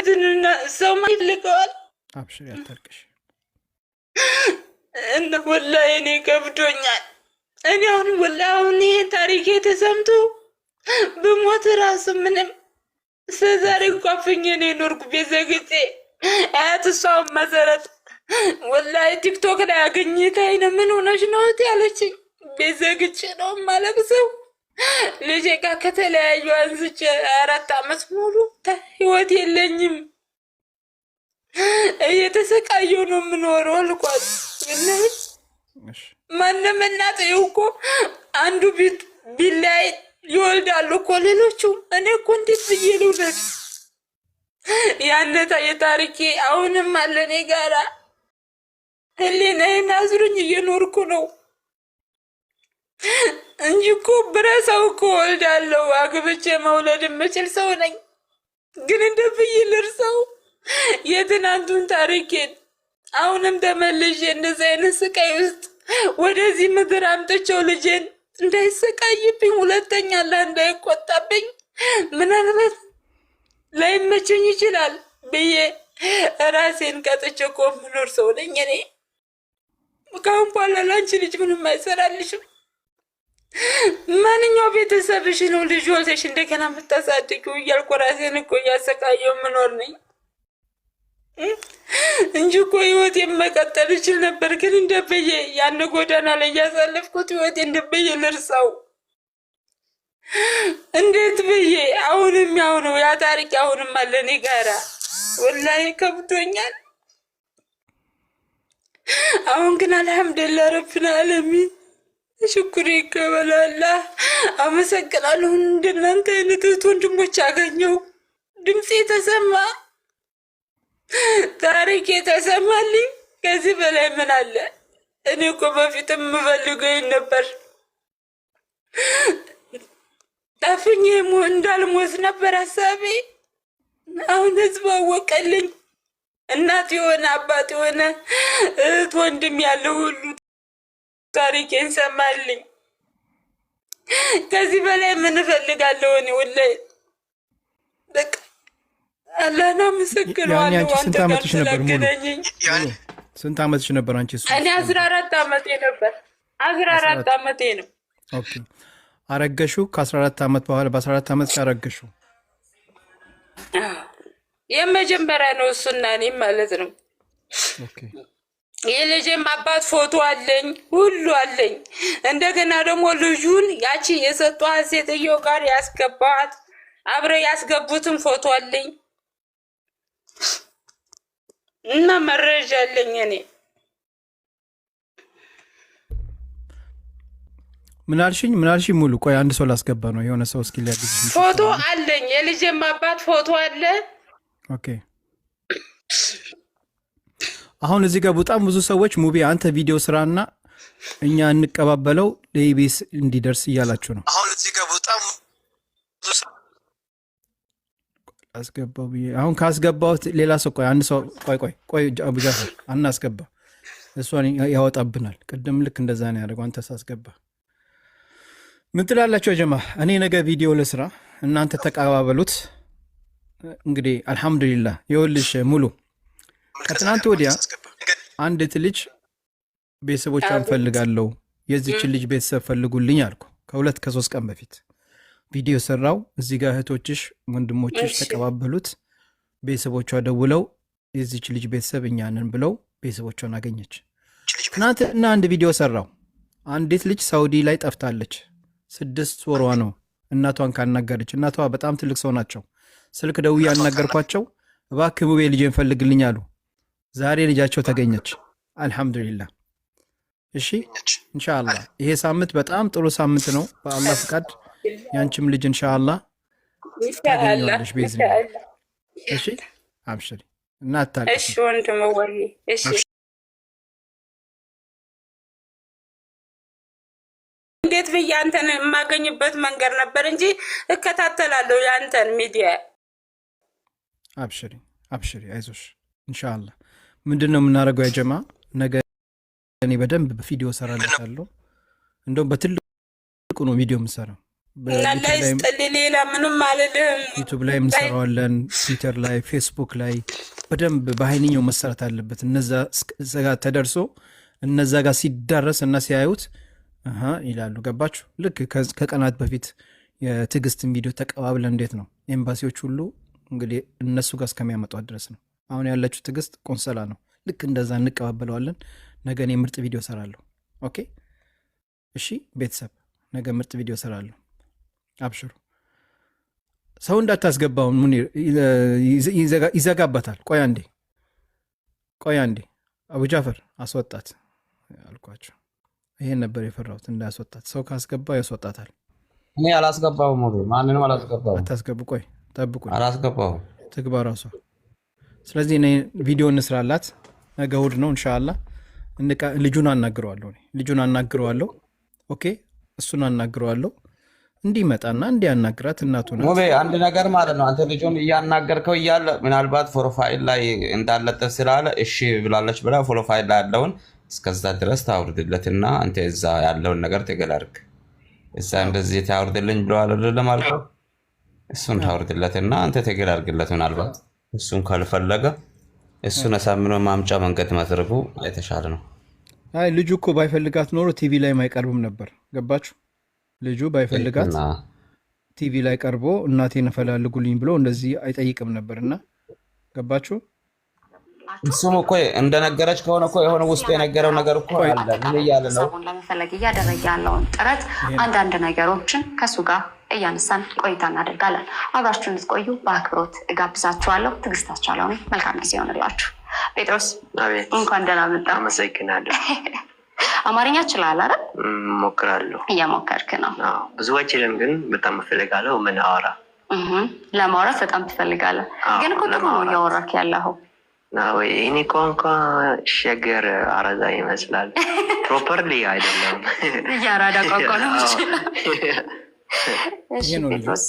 ምድንና ሰው ይልቀዋል። አብሽር ያታርቅሽ። እና ወላሂ እኔ ከብዶኛል። እኔ አሁን ወላሂ አሁን ይሄ ታሪክ የተሰምቶ ብሞት ራሱ ምንም ስለዛሬ እንኳፍኝ እኔ ኖርኩ ቤት ዘግቼ አያት እሷውን መሰረት ወላሂ ቲክቶክ ላይ አገኝታኝ ነው ምን ሆነሽ ነው ያለችኝ። ቤት ነው የማለቅሰው ልጄ ጋር ከተለያዩ አንስቼ አራት አመት ሙሉ ህይወት የለኝም። እየተሰቃዩ ነው የምኖረው። አልኳት። ማንም እናት እኮ አንዱ ቢላይ ይወልዳሉ እኮ ሌሎቹ። እኔ እኮ እንዴት ብዬ ልውለድ? ያነታ የታሪኬ አሁንም አለ እኔ ጋራ ህሊናዬን አዝሮኝ እየኖርኩ ነው። እንጂ እኮ ብረሰው እኮ አለው አግብቼ መውለድ የምችል ሰው ነኝ። ግን እንደ ብይ ልርሰው የትናንቱን ታሪኬን አሁንም ተመልሼ እንደዚህ አይነት ስቃይ ውስጥ ወደዚህ ምድር አምጥቼው ልጄን እንዳይሰቃይብኝ ሁለተኛ ላ እንዳይቆጣብኝ ምናልባት ላይመቸኝ ይችላል ብዬ ራሴን ቀጥቼ እኮ ምኖር ሰው ነኝ እኔ። ከአሁን በኋላ ላንቺ ልጅ ምንም አይሰራልሽም። ማንኛው ቤተሰብሽ ነው ልጅ ወልደሽ እንደገና የምታሳድጊው? እያልኩ ራሴን እኮ እያሰቃየው ምኖር ነኝ እንጂ እኮ ህይወቴን መቀጠል እችል ነበር። ግን እንደበየ ያን ጎዳና ላይ እያሳለፍኩት ህይወቴ እንደበየ ልርሳው እንዴት ብዬ አሁንም ያው ነው ያ ታሪክ አሁንም አለ እኔ ጋራ። ወላሂ ከብዶኛል። አሁን ግን አልሐምዱሊላህ ረብና አለሚን ሽኩሪ ይቀበላላ። አመሰግናለሁ። እንደናንተ አይነት እህት ወንድሞች አገኘው። ድምፅ የተሰማ ታሪክ የተሰማልኝ ከዚህ በላይ ምን አለ? እኔ እኮ በፊት የምፈልገው ነበር። ጠፍኝ እንዳልሞት ነበር ሀሳቤ። አሁን ህዝብ አወቀልኝ። እናት የሆነ አባት የሆነ እህት ወንድም ያለው ሁሉ ታሪኬን ሰማልኝ። ከዚህ በላይ ምን እፈልጋለሁ? እኔ ወላሂ በቃ አላህን አመሰግነዋለሁ። አንተ ጋር ስላገናኘኝ ስንት አመትሽ ነበር አንቺ? እኔ አስራ አራት ዓመቴ ነበር። አስራ አራት ዓመቴ ነው። ኦኬ አረገሹ ከአስራ አራት ዓመት በኋላ በአስራ አራት ዓመት አረገሹ። የመጀመሪያ ነው እሱና እኔም ማለት ነው። ኦኬ የልጄም አባት ፎቶ አለኝ፣ ሁሉ አለኝ። እንደገና ደግሞ ልጁን ያቺ የሰጧት ሴትዮ ጋር ያስገባት አብረ ያስገቡትን ፎቶ አለኝ እና መረጃ አለኝ። እኔ ምናልሽኝ ምናልሽኝ ሙሉ ቆይ፣ አንድ ሰው ላስገባ ነው። የሆነ ሰው እስኪ ሊያግዝ ፎቶ አለኝ። የልጄም አባት ፎቶ አለ። ኦኬ አሁን እዚህ ጋር በጣም ብዙ ሰዎች ሙቢ አንተ ቪዲዮ ስራና እኛ እንቀባበለው ለኢቢኤስ እንዲደርስ እያላችሁ ነው። አሁን እዚህ ጋር በጣም አስገባው ብዬ አሁን ካስገባሁት ሌላ ሰው ቆይ አንድ ሰው ቆይ ቆይ ቆይ አቡጃ አናስገባ እሷን ያወጣብናል። ቅድም ልክ እንደዛ ነው ያደረገው። አንተ ሳስገባ ምን ጀማ? እኔ ነገ ቪዲዮ ለስራ እናንተ ተቀባበሉት። እንግዲህ አልሐምዱሊላህ የወልሽ ሙሉ ከትናንት ወዲያ አንዲት ልጅ ቤተሰቦች አንፈልጋለሁ የዚችን ልጅ ቤተሰብ ፈልጉልኝ አልኩ። ከሁለት ከሶስት ቀን በፊት ቪዲዮ ሰራው። እዚህ ጋር እህቶችሽ ወንድሞችሽ ተቀባበሉት። ቤተሰቦቿ ደውለው የዚች ልጅ ቤተሰብ እኛንን ብለው ቤተሰቦቿን አገኘች። ትናንትና አንድ ቪዲዮ ሰራው። አንዲት ልጅ ሳውዲ ላይ ጠፍታለች። ስድስት ወሯ ነው። እናቷን ካናገረች እናቷ በጣም ትልቅ ሰው ናቸው። ስልክ ደውዬ ያናገርኳቸው እባክህ ሙቤ ልጄን ፈልግልኝ አሉ። ዛሬ ልጃቸው ተገኘች። አልሐምዱሊላህ። እሺ እንሻላ ይሄ ሳምንት በጣም ጥሩ ሳምንት ነው። በአላህ ፍቃድ ያንችም ልጅ እንሻላ ታገኘዋለሽ። ቤዝኒ እሺ፣ አብሽሪ እና ወንድም እሺ እንዴት ብዬ አንተን የማገኝበት መንገድ ነበር እንጂ እከታተላለሁ የአንተን ሚዲያ። አብሽሪ አብሽሪ፣ አይዞሽ እንሻላ ምንድን ነው የምናደርገው? ያጀማ ነገ እኔ በደንብ በቪዲዮ ሰራለታለሁ። እንደውም በትልቁ ነው ቪዲዮ የምሰራው። ሌላ ምንም አልልም። ዩቱብ ላይ እንሰራዋለን፣ ትዊተር ላይ፣ ፌስቡክ ላይ በደንብ በሀይንኛው መሰራት አለበት። እነዛ ጋ ተደርሶ እነዛ ጋር ሲዳረስ እና ሲያዩት ይላሉ። ገባችሁ? ልክ ከቀናት በፊት የትዕግስትን ቪዲዮ ተቀባብለን እንዴት ነው ኤምባሲዎች ሁሉ እንግዲህ እነሱ ጋር እስከሚያመጧት ድረስ ነው። አሁን ያለችው ትዕግስት ቆንሰላ ነው። ልክ እንደዛ እንቀባበለዋለን። ነገ እኔ ምርጥ ቪዲዮ ሰራለሁ። ኦኬ እሺ ቤተሰብ፣ ነገ ምርጥ ቪዲዮ ሰራለሁ። አብሽሩ። ሰው እንዳታስገባው ሙኒር ይዘጋበታል። ቆይ አንዴ፣ ቆይ አንዴ። አቡጃፈር አስወጣት አልኳቸው። ይሄን ነበር የፈራሁት፣ እንዳያስወጣት። ሰው ካስገባ ያስወጣታል። እኔ አላስገባሁም፣ ማንንም አላስገባሁም። አታስገቡ። ቆይ ጠብቁ፣ አላስገባሁም። ትግባ ራሷ ስለዚህ እኔ ቪዲዮ እንስራላት። ነገ እሑድ ነው እንሻላ። ልጁን አናግረዋለሁ ልጁን አናግረዋለሁ። ኦኬ እሱን አናግረዋለሁ እንዲመጣና እንዲያናግራት እናቱ ናት። አንድ ነገር ማለት ነው። አንተ ልጁን እያናገርከው እያለ ምናልባት ፎሮፋይል ላይ እንዳለጠ ስላለ እሺ ብላለች ብላ ፎሮፋይል ላይ ያለውን እስከዛ ድረስ ታውርድለትና አንተ እዛ ያለውን ነገር ትገላርግ እዛ እንደዚህ ታውርድልኝ ብለዋል አይደለም አልከው። እሱን ታውርድለትና አንተ ትገላርግለት ምናልባት እሱን ካልፈለገ እሱን አሳምኖ ማምጫ መንገድ ማድረጉ የተሻለ ነው። አይ ልጁ እኮ ባይፈልጋት ኖሮ ቲቪ ላይ አይቀርብም ነበር። ገባችሁ? ልጁ ባይፈልጋት ቲቪ ላይ ቀርቦ እናቴን እፈላልጉልኝ ብሎ እንደዚህ አይጠይቅም ነበር። እና ገባችሁ? እሱም እኮ እንደነገረች ከሆነ እኮ የሆነ ውስጡ የነገረው ነገር እኮ አለ። ምን እያለ ነው? ለመፈለግ እያደረገ ያለውን ጥረት አንዳንድ ነገሮችን ከሱ ጋር እያነሳን ቆይታ እናደርጋለን። አብራችሁን ልትቆዩ በአክብሮት እጋብዛችኋለሁ። ትዕግስታችሁ አለሆነ መልካም ጊዜ ሆንላችሁ። ጴጥሮስ እንኳን ደህና መጣ። አመሰግናለሁ። አማርኛ ችላል አረ እሞክራለሁ። እየሞከርክ ነው። ብዙ አይችልም፣ ግን በጣም እፈልጋለሁ። ምን አወራ ለማውራት በጣም ትፈልጋለህ፣ ግን እኮ ጥሩ ነው እያወራክ ያለኸው። ይህኔ ቋንቋ ሸገር አራዳ ይመስላል። ፕሮፐርሊ አይደለም፣ የአራዳ ቋንቋ ነው። ይችላል እሺ ጴጥሮስ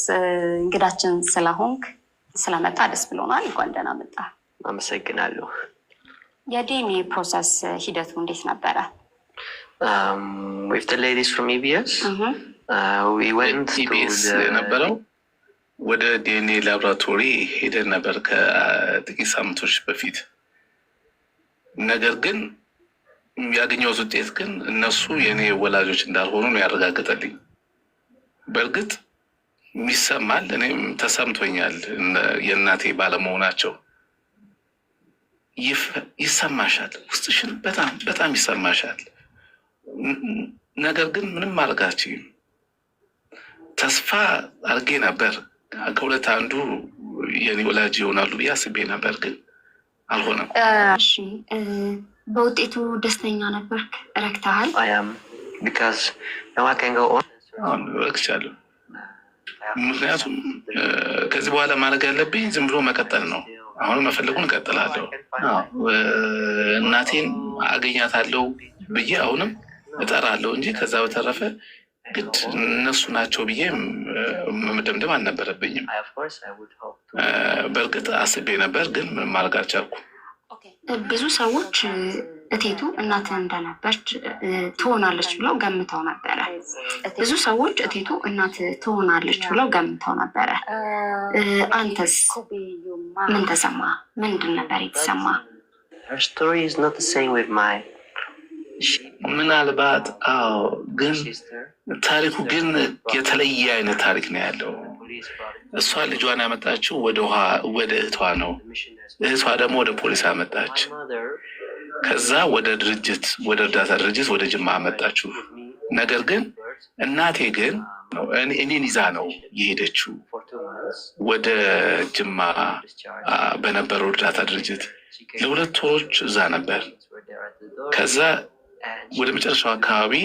እንግዳችን ስለሆንክ ስለመጣ ደስ ብሎናል። እንኳን ደህና መጣ። አመሰግናለሁ። የዲኤንኤ ፕሮሰስ ሂደቱ እንዴት ነበረ? ዊፍ ሌዲስ ፍሮም ኢቢኤስ ኢቢኤስ የነበረው ወደ ዲኤንኤ ላብራቶሪ ሄደን ነበር ከጥቂት ሳምንቶች በፊት። ነገር ግን ያገኘሁት ውጤት ግን እነሱ የእኔ ወላጆች እንዳልሆኑ ነው ያረጋገጠልኝ። በእርግጥ የሚሰማል እኔም ተሰምቶኛል። የእናቴ ባለመሆናቸው ይሰማሻል፣ ውስጥሽን በጣም በጣም ይሰማሻል። ነገር ግን ምንም አልጋችም። ተስፋ አድርጌ ነበር ከሁለት አንዱ የኔ ወላጅ ይሆናሉ ብዬ አስቤ ነበር፣ ግን አልሆነም። እሺ በውጤቱ ደስተኛ ነበርክ? ረክተሃል? አሁን ረክቻለሁ። ምክንያቱም ከዚህ በኋላ ማድረግ ያለብኝ ዝም ብሎ መቀጠል ነው። አሁንም መፈለጉን እቀጥላለሁ። እናቴን አገኛታለሁ ብዬ አሁንም እጠራለሁ እንጂ ከዛ በተረፈ ግድ እነሱ ናቸው ብዬ መደምደም አልነበረብኝም። በእርግጥ አስቤ ነበር፣ ግን ማድረግ አልቻልኩም። ብዙ ሰዎች እቴቱ እናትህ እንደነበርች ትሆናለች ብለው ገምተው ነበረ። ብዙ ሰዎች እቴቱ እናት ትሆናለች ብለው ገምተው ነበረ። አንተስ ምን ተሰማ? ምንድን ነበር የተሰማ? ምናልባት አዎ፣ ግን ታሪኩ ግን የተለየ አይነት ታሪክ ነው ያለው። እሷ ልጇን ያመጣችው ወደ እህቷ ነው። እህቷ ደግሞ ወደ ፖሊስ አመጣች። ከዛ ወደ ድርጅት ወደ እርዳታ ድርጅት ወደ ጅማ አመጣችሁ። ነገር ግን እናቴ ግን እኔን ይዛ ነው የሄደችው ወደ ጅማ በነበረው እርዳታ ድርጅት ለሁለት ወሮች እዛ ነበር። ከዛ ወደ መጨረሻው አካባቢ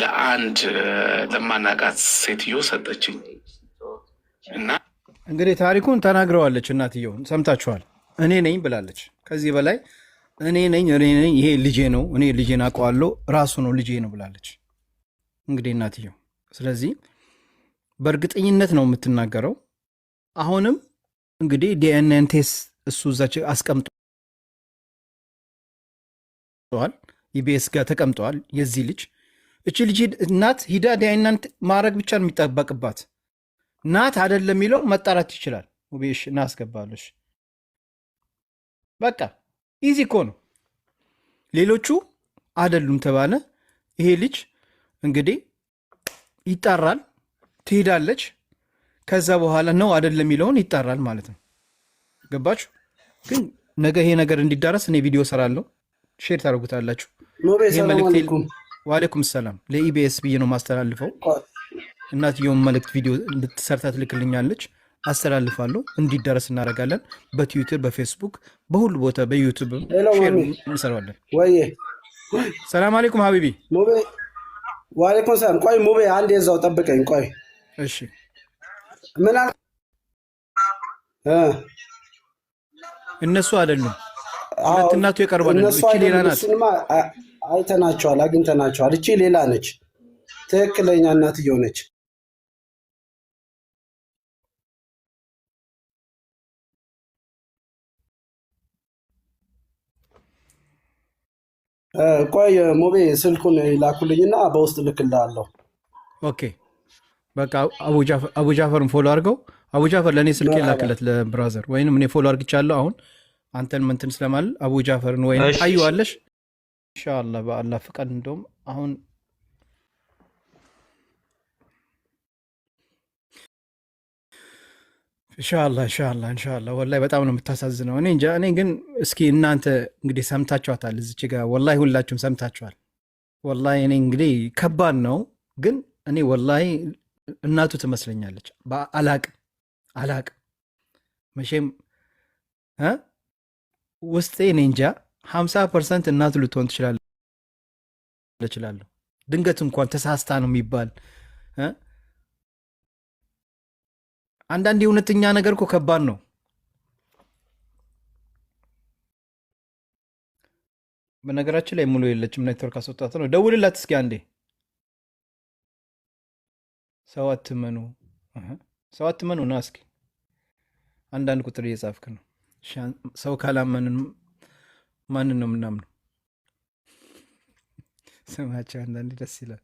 ለአንድ ለማናቃት ሴትዮ ሰጠችኝ እና እንግዲህ ታሪኩን ተናግረዋለች። እናትየውን ሰምታችኋል። እኔ ነኝ ብላለች። ከዚህ በላይ እኔ ነኝ እኔ ነኝ ይሄ ልጄ ነው እኔ ልጄን አውቀዋለሁ ራሱ ነው ልጄ ነው ብላለች። እንግዲህ እናትየው ስለዚህ በእርግጠኝነት ነው የምትናገረው። አሁንም እንግዲህ ዲኤንኤን ቴስት እሱ እዛች አስቀምጠዋል፣ ኢቢኤስ ጋር ተቀምጠዋል። የዚህ ልጅ እቺ ልጅ እናት ሂዳ ዲኤንኤን ማድረግ ብቻ ነው የሚጠበቅባት። ናት አይደለም የሚለው መጣራት ይችላል። ውቤሽ እናስገባለች በቃ ኢዚ እኮ ነው። ሌሎቹ አይደሉም ተባለ። ይሄ ልጅ እንግዲህ ይጣራል፣ ትሄዳለች። ከዛ በኋላ ነው አይደለም የሚለውን ይጣራል ማለት ነው። ገባችሁ? ግን ነገ ይሄ ነገር እንዲዳረስ እኔ ቪዲዮ ሰራለሁ፣ ሼር ታደርጉታላችሁ። ዋሌኩም ሰላም። ለኢቢኤስ ብዬ ነው ማስተላልፈው። እናትየውን መልእክት ቪዲዮ እንድትሰርታ ትልክልኛለች። አስተላልፋለሁ። እንዲደረስ እናደርጋለን። በትዊተር በፌስቡክ፣ በሁሉ ቦታ በዩቱብ እንሰራለን። ሰላም አሌይኩም ሀቢቢ። ዋሌኩም ሰላም። ቆይ ሙቤ አንድ የዛው ጠብቀኝ። ቆይ እሺ፣ ምና እነሱ አይደሉም ሁለት እናቱ ሌላ ናት። አይተናቸዋል፣ አግኝተናቸዋል። እቺ ሌላ ነች። ትክክለኛ እናትየው ነች። ቆይ ሞቤ ስልኩን ይላኩልኝና በውስጥ ልክልሃለሁ። ኦኬ በቃ አቡጃፈርን ፎሎ አድርገው። ጃፈር ለእኔ ስልክ ላክለት ለብራዘር፣ ወይም እኔ ፎሎ አድርግቻለሁ። አሁን አንተን ምንትን ስለማል አቡ ጃፈርን ወይም ታዩዋለሽ። ኢንሻላህ በአላህ ፍቃድ እንደውም አሁን እንሻላ እንሻላ እንሻላ ወላሂ በጣም ነው የምታሳዝነው። እኔ እንጃ። እኔ ግን እስኪ እናንተ እንግዲህ ሰምታችኋታል እዚች ጋር ወላሂ ሁላችሁም ሰምታችኋል። ወላሂ እኔ እንግዲህ ከባድ ነው ግን እኔ ወላሂ እናቱ ትመስለኛለች። አላቅ አላቅ መቼም ውስጤ እኔ እንጃ ሀምሳ ፐርሰንት እናቱ ልትሆን ትችላለች። ድንገት እንኳን ተሳስታ ነው የሚባል አንዳንድ የእውነተኛ ነገር እኮ ከባድ ነው። በነገራችን ላይ ሙሉ የለችም፣ ኔትወርክ አስወጣት ነው። ደውልላት እስኪ አንዴ። ሰው አትመኑ፣ ሰው አትመኑ። ና እስኪ አንዳንድ ቁጥር እየጻፍክ ነው። ሰው ካላመንን ማንን ነው ምናምነው? ስማቸው አንዳንዴ ደስ ይላል።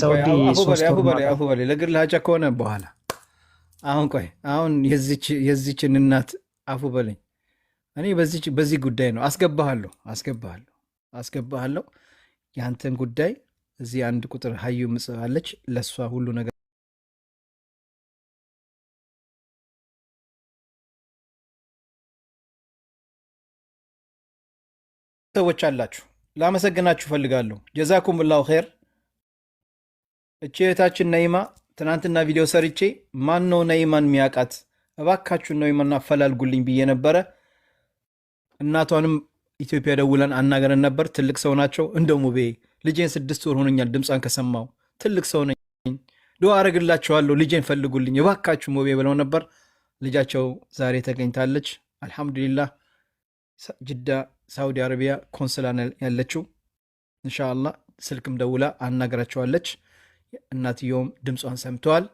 ሰውዲ ለግል ሀጃ ከሆነ በኋላ አሁን ቆይ አሁን የዚችን እናት አፉ በለኝ። እኔ በዚህ ጉዳይ ነው አስገባሃለሁ አስገባሃለሁ አስገባሃለሁ። የአንተን ጉዳይ እዚህ አንድ ቁጥር ሀዩ ምጽባለች ለእሷ ሁሉ ነገር ሰዎች አላችሁ ላመሰግናችሁ ፈልጋለሁ። ጀዛኩም ላሁ ኸይር እቺ እህታችን ነይማ ትናንትና ቪዲዮ ሰርቼ ማን ነው ነይማን የሚያውቃት? እባካችሁን ነይማን አፈላልጉልኝ ብዬ ነበረ። እናቷንም ኢትዮጵያ ደውለን አናገረን ነበር። ትልቅ ሰው ናቸው። እንደ ሙቤ ልጄን ስድስት ወር ሆነኛል ድምፃን ከሰማው ትልቅ ሰው ነኝ፣ ዱዓ አረግላቸዋለሁ፣ ልጄን ፈልጉልኝ እባካችሁ ሙቤ ብለው ነበር። ልጃቸው ዛሬ ተገኝታለች። አልሐምዱሊላ ጅዳ ሳውዲ አረቢያ ኮንስላ ያለችው እንሻ አላህ ስልክም ደውላ አናገራቸዋለች። እናትየውም ድምጿን ሰምተዋል።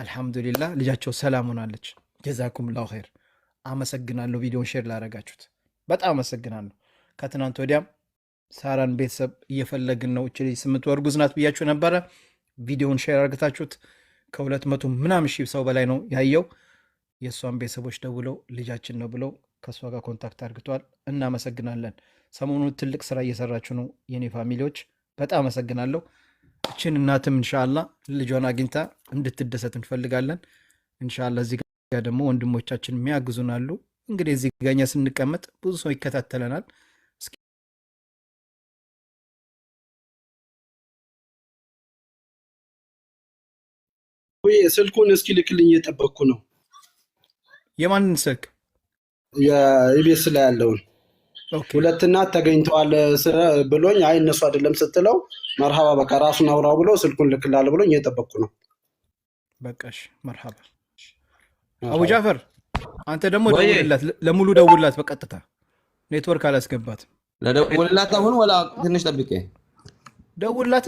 አልሐምዱሊላ ልጃቸው ሰላም ሆናለች። ጀዛኩም ላሁ ኸይር። አመሰግናለሁ። ቪዲዮን ሼር ላረጋችሁት በጣም አመሰግናለሁ። ከትናንት ወዲያም ሳራን ቤተሰብ እየፈለግን ነው። እች ልጅ ስምንት ወር ጉዝ ናት ብያችሁ ነበረ። ቪዲዮን ሼር አርግታችሁት ከሁለት መቶ ምናምን ሺህ ሰው በላይ ነው ያየው። የእሷን ቤተሰቦች ደውለው ልጃችን ነው ብለው ከእሷ ጋር ኮንታክት አድርግተዋል። እናመሰግናለን። ሰሞኑ ትልቅ ስራ እየሰራችሁ ነው የኔ ፋሚሊዎች፣ በጣም አመሰግናለሁ። እችን እናትም እንሻላ ልጇን አግኝታ እንድትደሰት እንፈልጋለን። እንሻላ እዚህ ጋ ደግሞ ወንድሞቻችን የሚያግዙን አሉ። እንግዲህ እዚህ ጋኛ ስንቀመጥ ብዙ ሰው ይከታተለናል። ስልኩን እስኪ ልክልኝ፣ እየጠበቅኩ ነው። የማንን ስልክ? የቤት ስላ ያለውን ሁለት እናት ተገኝተዋል ብሎኝ፣ አይ እነሱ አይደለም ስትለው መርሃባ በቃ ራሱን አውራው ብሎ ስልኩን ልክላለ ብሎኝ እየጠበቅኩ ነው። በቃሽ መርሃባ። አቡ ጃፈር አንተ ደግሞ ደውልላት፣ ለሙሉ ደውልላት በቀጥታ ኔትወርክ አላስገባት። ለደውልላት አሁን ወላ ትንሽ ጠብቄ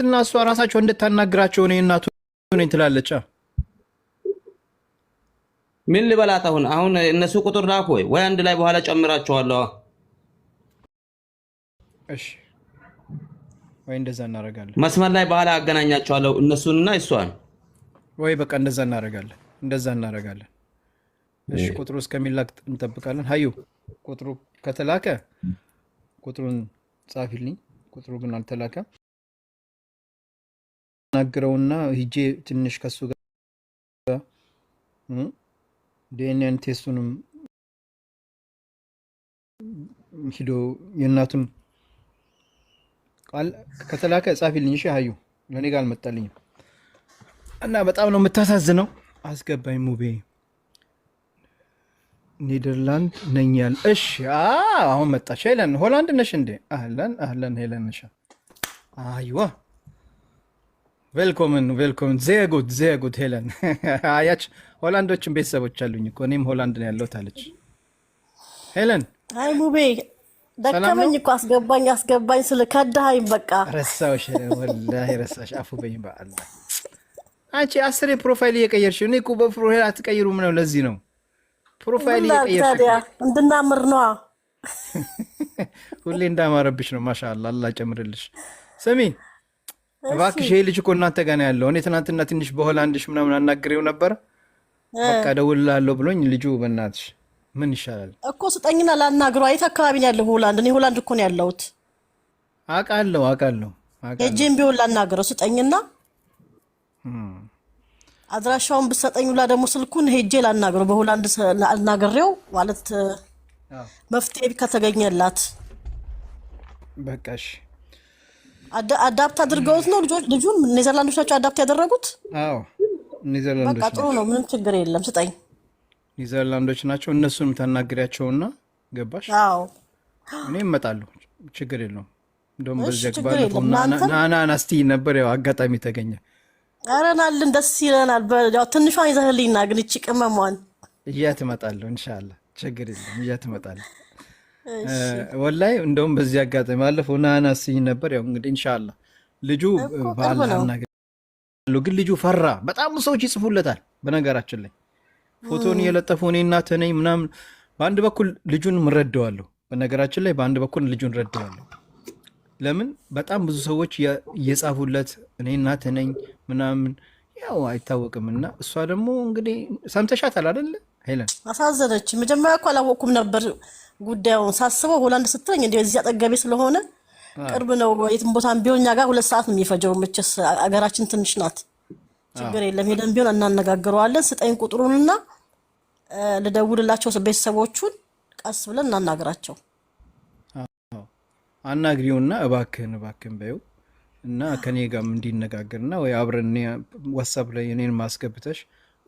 እና እሷ ራሳቸው እንድታናግራቸው እኔ እናቱ ነኝ ትላለች። ምን ልበላት አሁን? አሁን እነሱ ቁጥር ላክ ወይ ወይ አንድ ላይ በኋላ ጨምራቸዋለዋ እሺ ወይ እንደዛ እናደርጋለን። መስመር ላይ በኋላ አገናኛቸዋለሁ እነሱንና እሷን። ወይ በቃ እንደዛ እናደርጋለን፣ እንደዛ እናደርጋለን። እሺ ቁጥሩ እስከሚላክ እንጠብቃለን። ሀዩ ቁጥሩ ከተላከ ቁጥሩን ጻፊልኝ። ቁጥሩ ግን አልተላከ። ናግረውና ሂጄ ትንሽ ከሱ ጋር ዲኤንኤን ቴስቱንም ሂዶ የእናቱን ቃል ከተላከ ጻፊልኝ። እሺ አዩ ለእኔ ጋር አልመጣልኝም እና በጣም ነው የምታሳዝነው። አስገባኝ ሙቤ ኔደርላንድ ነኝ ያለ። እሺ አሁን መጣች ሄለን። ሆላንድ ነሽ እንዴ? አህለን አህለን ሄለን ነሽ። አይዋ ዌልኮምን ዌልኮምን። ዜር ጉድ ሄለን። አያች ሆላንዶችን ቤተሰቦች አሉኝ እኮ እኔም ሆላንድ ነው ያለሁት አለች ሄለን። አይ ሙቤ ደከመኝ እኮ አስገባኝ አስገባኝ ስል ከዳሃኝ። በቃ ረሳሽ፣ ወላሂ ረሳሽ። አፉ በኝ በአላ አንቺ አስር ፕሮፋይል እየቀየርሽ እኔ እኮ በፕሮፋይል አትቀይሩም ነው። ለዚህ ነው ፕሮፋይል እየቀየርሽ እንድናምር ነዋ። ሁሌ እንዳማረብሽ ነው። ማሻአላ አላህ ጨምርልሽ። ስሚ እባክሽ ይሄ ልጅ እኮ እናንተ ጋር ነው ያለው። እኔ ትናንትና ትንሽ በሆላንድሽ ምናምን አናግሬው ነበር። በቃ ደውልልሃለሁ ብሎኝ ልጁ በእናትሽ ምን ይሻላል እኮ ስጠኝና ላናግሩ። አየት አካባቢ ነው ያለው? ሆላንድ። እኔ ሆላንድ እኮ ነው ያለሁት። አውቃለሁ አውቃለሁ። የእጄን ቢሆን ላናግረው ስጠኝና፣ አድራሻውን ብሰጠኝ ላ ደግሞ ስልኩን ሄጄ ላናግረው። በሆላንድ ላናግሬው ማለት መፍትሄ ከተገኘላት በቃሽ። አዳፕት አድርገውት ነው ልጁን ኔዘርላንዶች ናቸው አዳፕት ያደረጉት። ጥሩ ነው፣ ምንም ችግር የለም። ስጠኝ ኒዘርላንዶች ናቸው እነሱን የምታናግሪያቸውና ገባሽ? እኔ እመጣለሁ፣ ችግር የለውም። እንደውም በዚህ አግባብ ናና ናስቲ ነበር ያው አጋጣሚ ተገኘ። አረናልን ደስ ይለናል። ያው ትንሿን ይዘህልኝና ግን እቺ ቅመሟን እያት እመጣለሁ። እንሻላ ችግር የለም፣ እያት እመጣለሁ። ወላይ እንደውም በዚህ አጋጣሚ ባለፈው ናና ስኝ ነበር ያው እንግዲህ እንሻላ ልጁ ባል ግን ልጁ ፈራ። በጣም ሰዎች ይጽፉለታል በነገራችን ላይ ፎቶን የለጠፉ እኔ እናተ ነኝ ምናምን። በአንድ በኩል ልጁን ምረደዋለሁ፣ በነገራችን ላይ በአንድ በኩል ልጁን እረዳዋለሁ። ለምን በጣም ብዙ ሰዎች የጻፉለት እኔ እናተ ነኝ ምናምን ያው አይታወቅም። እና እሷ ደግሞ እንግዲህ ሰምተሻታል አይደለ ሄለን? አሳዘነች። መጀመሪያ እኮ አላወቅኩም ነበር ጉዳዩን። ሳስበው ሆላንድ ስትለኝ እንዲ እዚህ አጠገቤ ስለሆነ ቅርብ ነው፣ የትም ቦታም ቢሆን እኛ ጋር ሁለት ሰዓት ነው የሚፈጀው። መቼስ አገራችን ትንሽ ናት። ችግር የለም። ሄደን ቢሆን እናነጋግረዋለን። ስጠኝ ቁጥሩንና ልደውልላቸው ቤተሰቦቹን፣ ቀስ ብለን እናናግራቸው። አናግሪውና እባክህን እባክህን በይው እና ከኔ ጋርም እንዲነጋገርና ወይ አብረን ዋትሳፕ ላይ እኔን ማስገብተሽ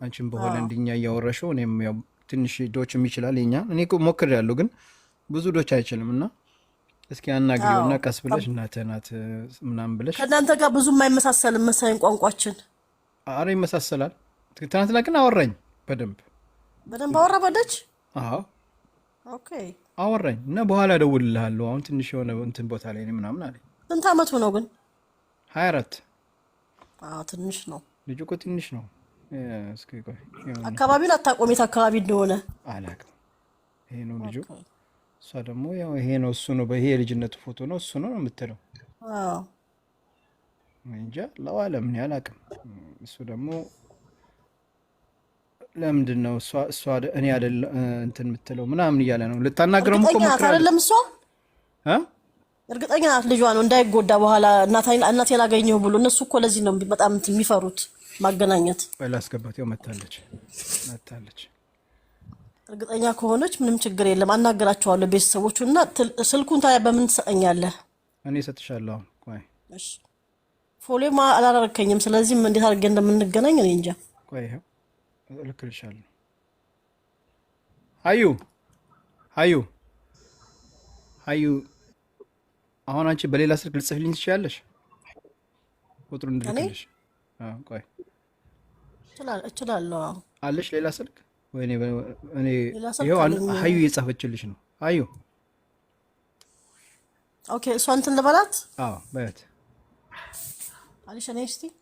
አንቺን በሆነ እንድኛ እያወረሸው እኔም ያው ትንሽ ዶችም ይችላል የኛ እኔ ሞክር ያለው ግን ብዙ ዶች አይችልም እና እስኪ አናግሪውና ቀስ ብለሽ እናትህ ናት ምናምን ብለሽ ከእናንተ ጋር ብዙ የማይመሳሰል መሳይን ቋንቋችን አረ ይመሳሰላል። ትናንትና ግን አወራኝ በደንብ በደንብ አወራ አወራኝ እና በኋላ ደውልልሃለሁ አሁን ትንሽ የሆነ እንትን ቦታ ላይ ምናምን አለ። ስንት አመቱ ነው ግን? ሀያ አራት ትንሽ ነው ልጁ እኮ ትንሽ ነው። አካባቢውን አታውቀውም የት አካባቢ እንደሆነ አላውቅም። ይሄ ነው ልጁ፣ እሷ ደግሞ ይሄ ነው እሱ ነው በይሄ የልጅነቱ ፎቶ ነው እሱ ነው ነው የምትለው እንጃ ለዋለም እኔ አላቅም። እሱ ደግሞ ለምንድን ነው እሷ እኔ አይደለ እንትን የምትለው ምናምን እያለ ነው። ልታናግረው እኮ አይደለም እሷ እርግጠኛ ናት ልጇ ነው እንዳይጎዳ በኋላ እናቴን አገኘሁ ብሎ። እነሱ እኮ ለዚህ ነው በጣም የሚፈሩት ማገናኘት። ላስገባት ያው መታለች መታለች። እርግጠኛ ከሆነች ምንም ችግር የለም። አናገራቸዋለሁ ቤተሰቦቹ እና ስልኩን ታዲያ በምን ትሰጠኛለህ? እኔ እሰጥሻለሁ። ፎሌማ አላደረከኝም። ስለዚህም እንዴት አድርጌ እንደምንገናኝ እኔ እንጃ። እልክልሻለሁ። አዩ አዩ አዩ፣ አሁን አንቺ በሌላ ስልክ ልጽፍልኝ ትችላለሽ? ቁጥሩ እንድልክልሽ ቆይ እችላለሁ። አለሽ ሌላ ስልክ? ይኸው አዩ እየጻፈችልሽ ነው። አዩ ኦኬ፣ እሷ እንትን ልበላት። አዎ በያት Alice Onesti?